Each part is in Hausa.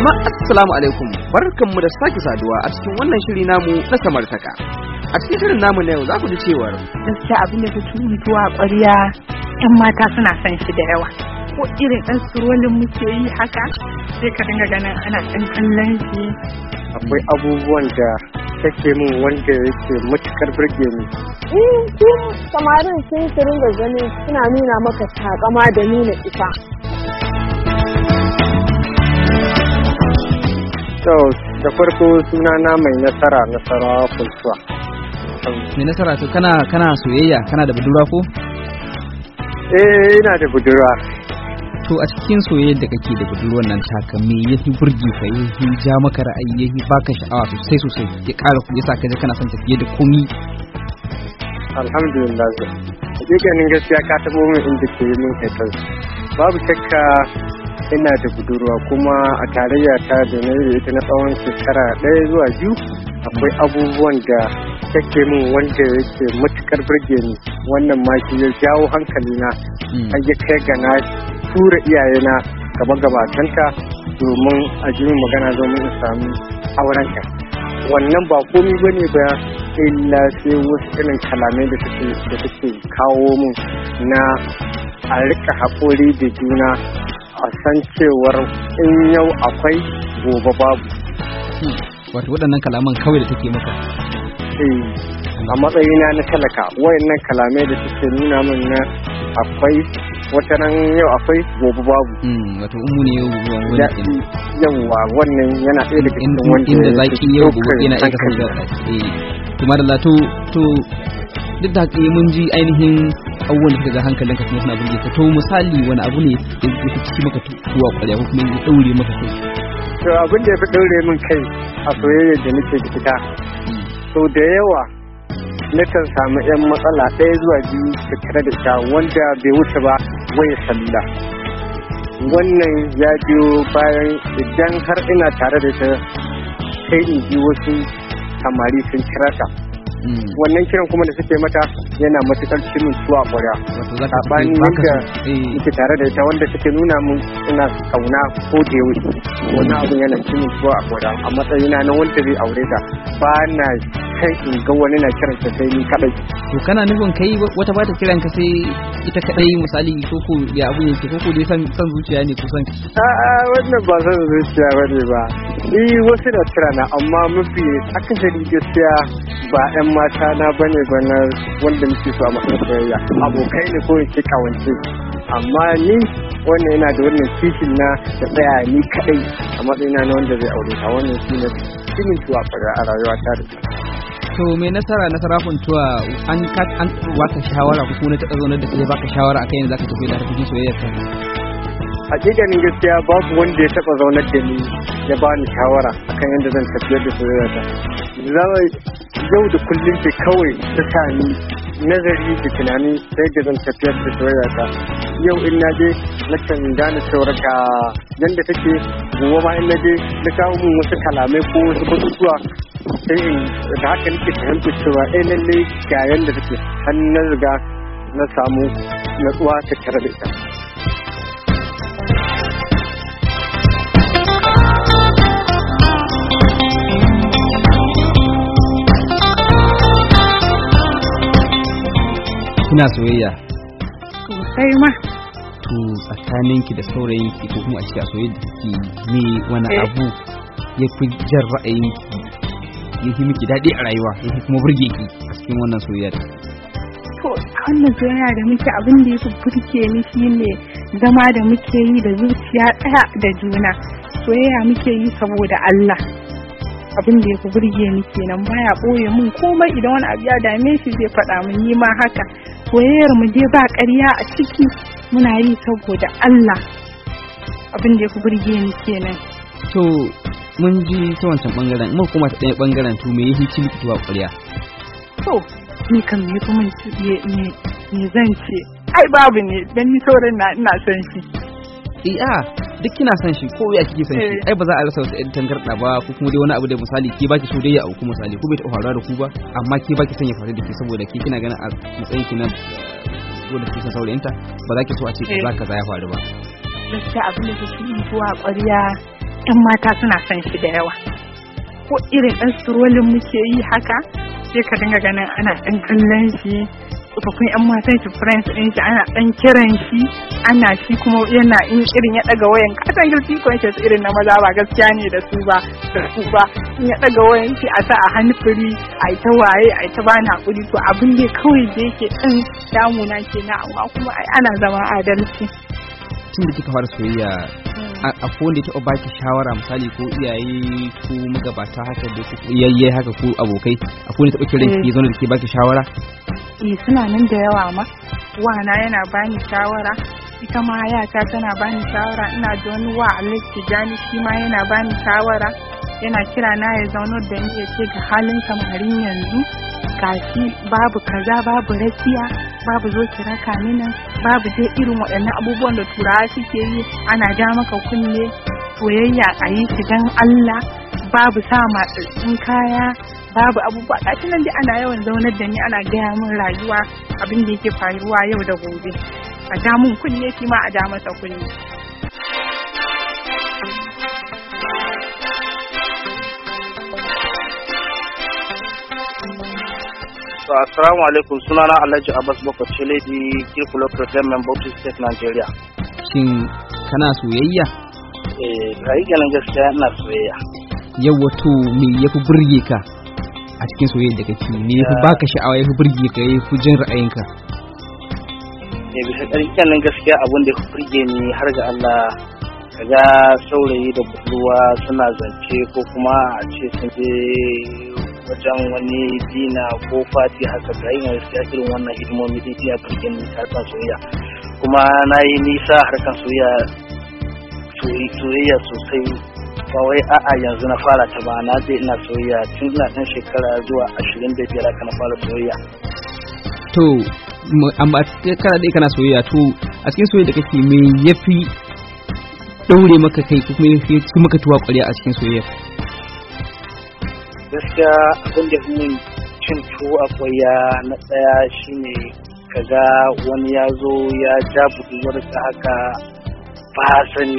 Jama'a assalamu alaikum mu da sake saduwa a cikin wannan shiri namu na samartaka. A cikin shirin namu na yau za ku ji cewa? Gaskiya abin da ta tuni tuwa ƙwarya 'yan mata suna son shi da yawa. Ko irin ɗan surolin muke yi haka sai ka dinga ganin ana ɗan kallon shi. Akwai abubuwan da take min wanda yake matukar birge ni. Eh, samarin sun su ringa suna nuna maka takama da nuna ita. To da farko suna na mai nasara nasarawa kulsuwa. Mai nasara to kana kana soyayya kana da budurwa ko? Eh ina da budurwa. To a cikin soyayyar da kake da budurwar nan taka me ya fi burge ka yi fi ja maka ra'ayi ya fi baka sha'awa sosai sosai ya ƙara ya sa ka kana son tafiye da komi. Alhamdulillah. Hakikanin gaskiya ka taɓo min inda ke min babu shakka ina da budurwa kuma a tarayya ta da na ita na tsawon shekara ɗaya zuwa biyu akwai abubuwan da take min wanda yake matukar birge ni wannan ma shi ya jawo hankalina hmm. an ya kai ga na tura iyayena gaba gabatanta domin a ji magana domin in samu aurenta wannan ba komi ba ne ba illa sai wasu irin kalamai da suke kawo mun na a rika haƙuri da juna a san cewar in yau akwai gobe babu wato waɗannan kalaman kawai da take maka eh, a matsayina na talaka wayannan kalamai da suke nuna min na akwai wata nan yau akwai gobe babu hmm, wato umu ne yau gobe wani kenan yawa wannan yana ɗaya daga cikin wanda inda zaki yau gobe yana aika kan da eh kuma da lato to duk da mun ji ainihin abubuwan da suka ga hankalin ka kuma suna burge ka to misali wani abu ne ya ciki maka tuwa kwarya ko kuma ya daure maka kai to abin da ya fi daure min kai a soyayya da nake da fita sau da yawa nakan samu yan matsala ɗaya zuwa biyu da tare da ta wanda bai wuce ba waya sallah wannan ya biyo bayan idan har ina tare da ta sai in ji wasu samari sun kira ta Mm. wannan kiran kuma da suke mata yana matukar cimin A ƙwarya saɓani wanda eh. yake tare da ita wanda suke nuna mun suna kauna ko da wani wannan abun yana cikin tuwa a a matsayina na wanda zai aure ta ba na kan in ga wani na kiran ta sai ni kadai to kana nufin kai wata bata kiran ka sai ita kadai misali ko ko ya abu yake ko ko dai san san zuciya ne kusan a a wannan ba san zuciya bane ba ni wasu na kira na amma mafi akasari gaskiya ba ɗan mata na bane ba na wanda muke so a masoyayya abokai ne ko yake kawance amma ni wannan yana da wannan cikin na da tsaya ni kadai a matsayina na wanda zai aure ta wannan shi ne cikin tuwa a rayuwa ta da to me nasara na sarafin tuwa an an baka shawara ko kuma ta zaune da ke baka shawara akan yadda zaka tafi da harkokin soyayyar ka hakikanin gaskiya babu wanda ya taba zaunar da ni ya bani shawara akan yadda zan tafi da soyayya ta yau da kullum ke kawai ta sami nazari da tunani ta yadda zan tafi da soyayya ta yau in na je na kan gane cewar ka yadda take gobe ma in na je na kawo mun wasu kalamai ko wasu batutuwa sai in da haka nake fahimta cewa eh lalle ga yanda take hannun riga na samu natsuwa ta tare da ita Kina soyayya? Sosai ma. To tsakaninki da saurayinki ko kuma a cikin soyayya da kike me wani eh. abu ya fi jan ra'ayin ya miki daɗi a rayuwa ya kuma burge ki a cikin wannan soyayyar to wannan soyayya da muke abin da ya fi burge ni shine zama da muke yi da zuciya ɗaya da juna soyayya muke yi saboda Allah abin da ya fi burge ni kenan baya ɓoye mun komai idan wani abu ya dame shi zai faɗa mun yi ma haka soyayyar mu je ba ƙarya a ciki muna yi saboda Allah abin da ya fi burge ni kenan to mun ji ta wancan bangaren mun kuma ta ɗaya bangaren to me yake cin fitowa ƙwarya to ni kan me kuma ne zan ce ai babu ne dan ni sauran na ina son shi eh, a duk kina son shi ko ya kike son shi eh. ai ba za a rasa wata ɗan tangarda ba ko kuma dai wani abu da misali ke baki so dai ya auku misali ko bai ta fara da ku ba amma ke baki son ya faru da ke saboda ke kina ganin a matsayin ki na wanda ke son saurayinta ba za ki so a ce ka eh. kaza ya faru ba gaskiya abin da ke cikin tuwa ƙwarya 'yan mata suna son shi da yawa ko irin ɗan surolin muke yi haka sai ka dinga ganin ana ɗan kallon shi tsofaffin 'yan matan shi friends ɗin shi ana ɗan kiran shi ana shi kuma yana in irin ya ɗaga wayan kasan guilty su irin na maza ba gaskiya ne da su ba da su ba in ya ɗaga wayan shi a sa a hannu firi a yi ta waye a yi ta bani hakuri to abin da kawai da yake ɗan damuna ke na amma kuma ana zama adalci. Tun da kika fara soyayya akwai wanda taɓa baki shawara misali ko iyaye ko magabata haka da su yayye haka ko abokai akwai wanda ya taɓa kiran ki eh. zo da ke baki shawara eh suna nan da yawa ma wana yana bani shawara ita ma yata tana bani shawara ina da wani wa Alex Tijani shi ma yana bani shawara yana kira na ya zauna da ni ya ce ga halin kamarin yanzu kashi babu kaza babu rasiya. babu zo kira raka babu dai irin waɗannan abubuwan da turawa suke yi ana ja maka kunne soyayya a yi shi don Allah babu sa matsatsin kaya babu abubuwa gashi nan dai ana yawan zaunar da ni ana gaya mun rayuwa abin da yake faruwa yau da gobe a damun kunne shi ma a da masa kunne So, assalamu alaikum na Alhaji Abbas di kirku local government Bauchi State Nigeria. Shin kana soyayya? Eh, kai ganin gaskiya ina soyayya. Yau wato me fi burge ka a cikin soyayya da kake? Me fi eh. baka sha'awa ya fi burge ka fi jin ra'ayinka? Eh, bisa ƙarƙanin gaskiya abun da ya fi burge ni har ga Allah kaga saurayi da budurwa suna zance ko kuma a ce sun je wajen wani dina ko fati haka ga yin gaskiya irin wannan hidimomi da ina birgin harkan soyayya kuma na yi nisa harkan soyayya soyayya sosai ba wai a'a yanzu na fara ta ba na je ina soyayya tun ina ɗan shekara zuwa ashirin da biyar aka na fara soyayya. To, amma a kana da kana soyayya to a cikin soyayya da kake me yafi ɗaure maka kai kuma yafi maka tuwa ƙwarya a cikin soyayya. gaskiya abin da min cin tuwo a kwaya na shi shine kaga wani ya zo ya ja budurwarsa haka ba sani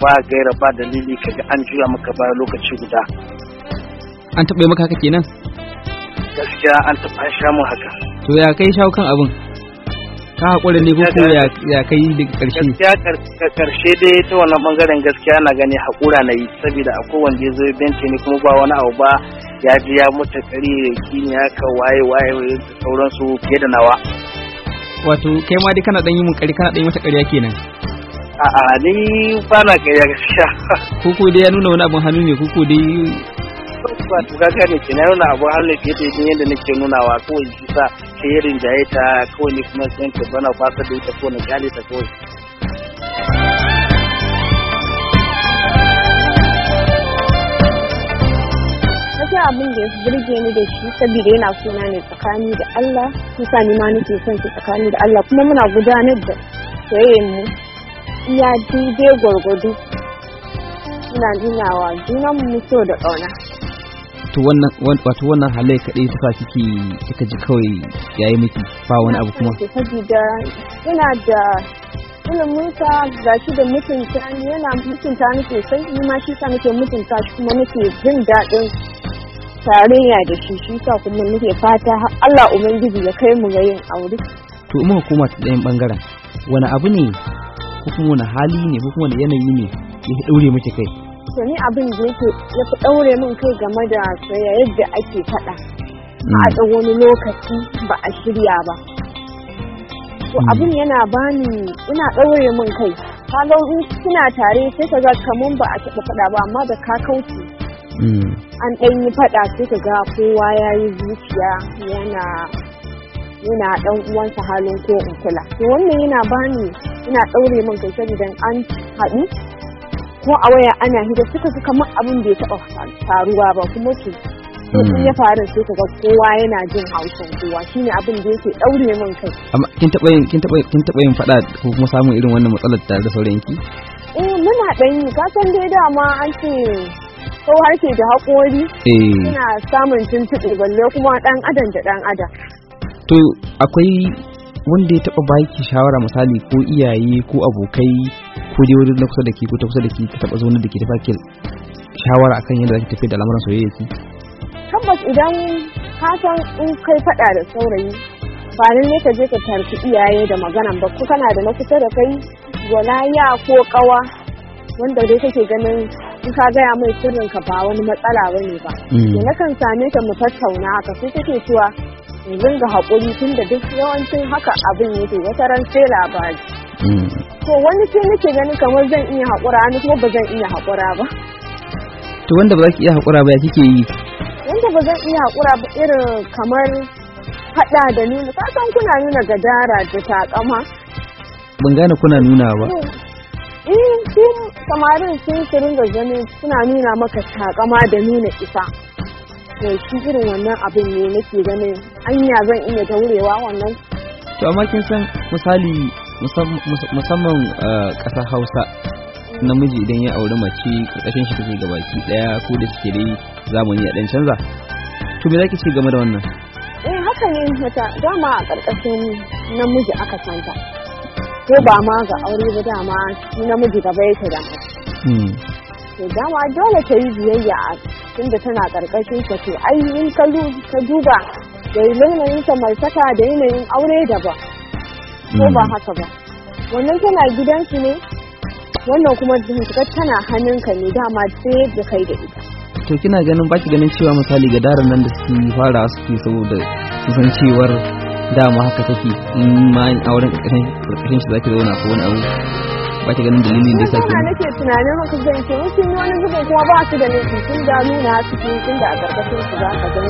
ba gaira ba dalili kaga an juya maka baya lokaci guda an taɓa maka haka kenan gaskiya an taɓa sha haka to ya kai shawo kan abin ka haƙuri ne ko ya kai da ƙarshe gaskiya ƙarshe dai ta wannan bangaren gaskiya na gani haƙura na yi saboda a kowane da zo benci ne kuma ba wani abu ba ya ji ya mutu kari kini ka waye waye da sauransu fiye da nawa wato kai ma dai kana dan yi mun kari kana dan yi mata ƙarya kenan a'a ni ba na ƙarya gaskiya Kuku dai ya nuna wani abun hannu ne kuku dai so a tuka ne ke na nuna abu har ta yi yadda nake nunawa kawai shi sa ta da ya ta kawai ne kuma sun ta bana kwasa da ita ko na kyale ta kawai. Wata abin da ya birge ni da shi saboda yana suna ne tsakani da Allah, sa ni ma nake son su tsakani da Allah kuma muna gudanar da soyayyar mu iya daidai gwargwado. Muna nuna wa junanmu mu so da ƙauna. to wannan wato wannan halai kadai ta sa ke kika ji kawai yayi miki ba wani abu kuma saboda ina da iliminsa ga shi da mutunta ni yana mutunta ni sosai ni ma shi sa nake mutunta shi kuma nake jin daɗin tarayya da shi shi sa kuma nake fata Allah ubangiji ya kai mu ga yin aure to in hukuma ta ɗayan bangaren wani abu ne ko kuma wani hali ne ko kuma wani yanayi ne ya daure miki kai to ni abin da yake ya fi ɗaure min kai game da soyayya yadda ake faɗa mm. a ɗan wani lokaci ba a shirya ba to mm. abin yana bani ina ɗaure min kai halon suna tare sai ka ga ba a taɓa faɗa ba amma da ka kauce mm. an ɗan yi faɗa sai ka ga kowa ya yi zuciya yana yana ɗan uwansa halin ko in kula to wannan yana bani ina ɗaure min kai saboda an haɗu ko a waya ana hira suka suka kamar abin da ya taɓa faruwa ba kuma to sun hmm. ya faru sai ka ga kowa yana jin haushin kowa shine abin da yake daure min kai amma kin taɓa yin kin taɓa kin taɓa yin faɗa ko kuma samun irin wannan matsalar tare da sauranki eh muna ɗan yi ka san dai dama an ce ko harshe da haƙori eh. suna samun tuntuɓe balle kuma ɗan adam da ɗan adam to akwai wanda ya taɓa baki shawara misali ko iyaye ko abokai ko je na kusa da ke ko ta kusa da ke ka taba zaune da ke tafa ke shawara akan yadda zaki tafi da lamarin soyayya ki tabbas idan ka san in kai fada da saurayi ba nan ne ka je ka tarki iyaye da maganan ba ko kana da na kusa da kai wala ya ko kawa wanda dai kake ganin in ka gaya mai sirrin ka ba wani matsala ba ne mm. ba da na kan same ka mu tattauna ka sai take cewa in dinga haƙuri tun da duk yawancin haka abin yake wata ran sai labari mm. to wani sai nake ganin kamar zan iya haƙura ni kuma ba zan iya haƙura ba to wanda ba za ki iya haƙura ba ya kike yi wanda ba zan iya haƙura ba irin kamar haɗa da nuna ka san kuna nuna gadara da taƙama. ban gane kuna nuna ba in eh, sun samarin sun shirin da ganin suna nuna maka taƙama da nuna isa to shi irin wannan abin ne nake ganin anya zan iya taurewa wannan to amma kin san misali musamman eh, ƙasar hausa namiji idan ya auri mace ƙarƙashin shi take gabaki ɗaya ko da suke dai zamani a ɗan canza to me zaki ce game da wannan eh haka ne mata dama a ƙarƙashin namiji aka santa ko ba ma ga aure ba dama shi namiji gaba yake da hmm. to dama dole ta yi biyayya a tunda tana ƙarƙashin sa to ai in ka duba da yanayin saka da yanayin aure daban ko ba hmm. haka ba wannan tana gidansu ne wannan kuma jihar tana hannunka ne dama sai da kai da ita to kina ganin baki ganin cewa misali ga daren nan da suke fara suke saboda su san cewar dama haka take in ma auren karkashin shi zaki zauna ko wani abu ba ganin dalilin da yasa ke nan nake tunanin haka zan ce wasu wani zubin kuma ba su da nufi sun da nuna su sun da a karkashin su za ka gani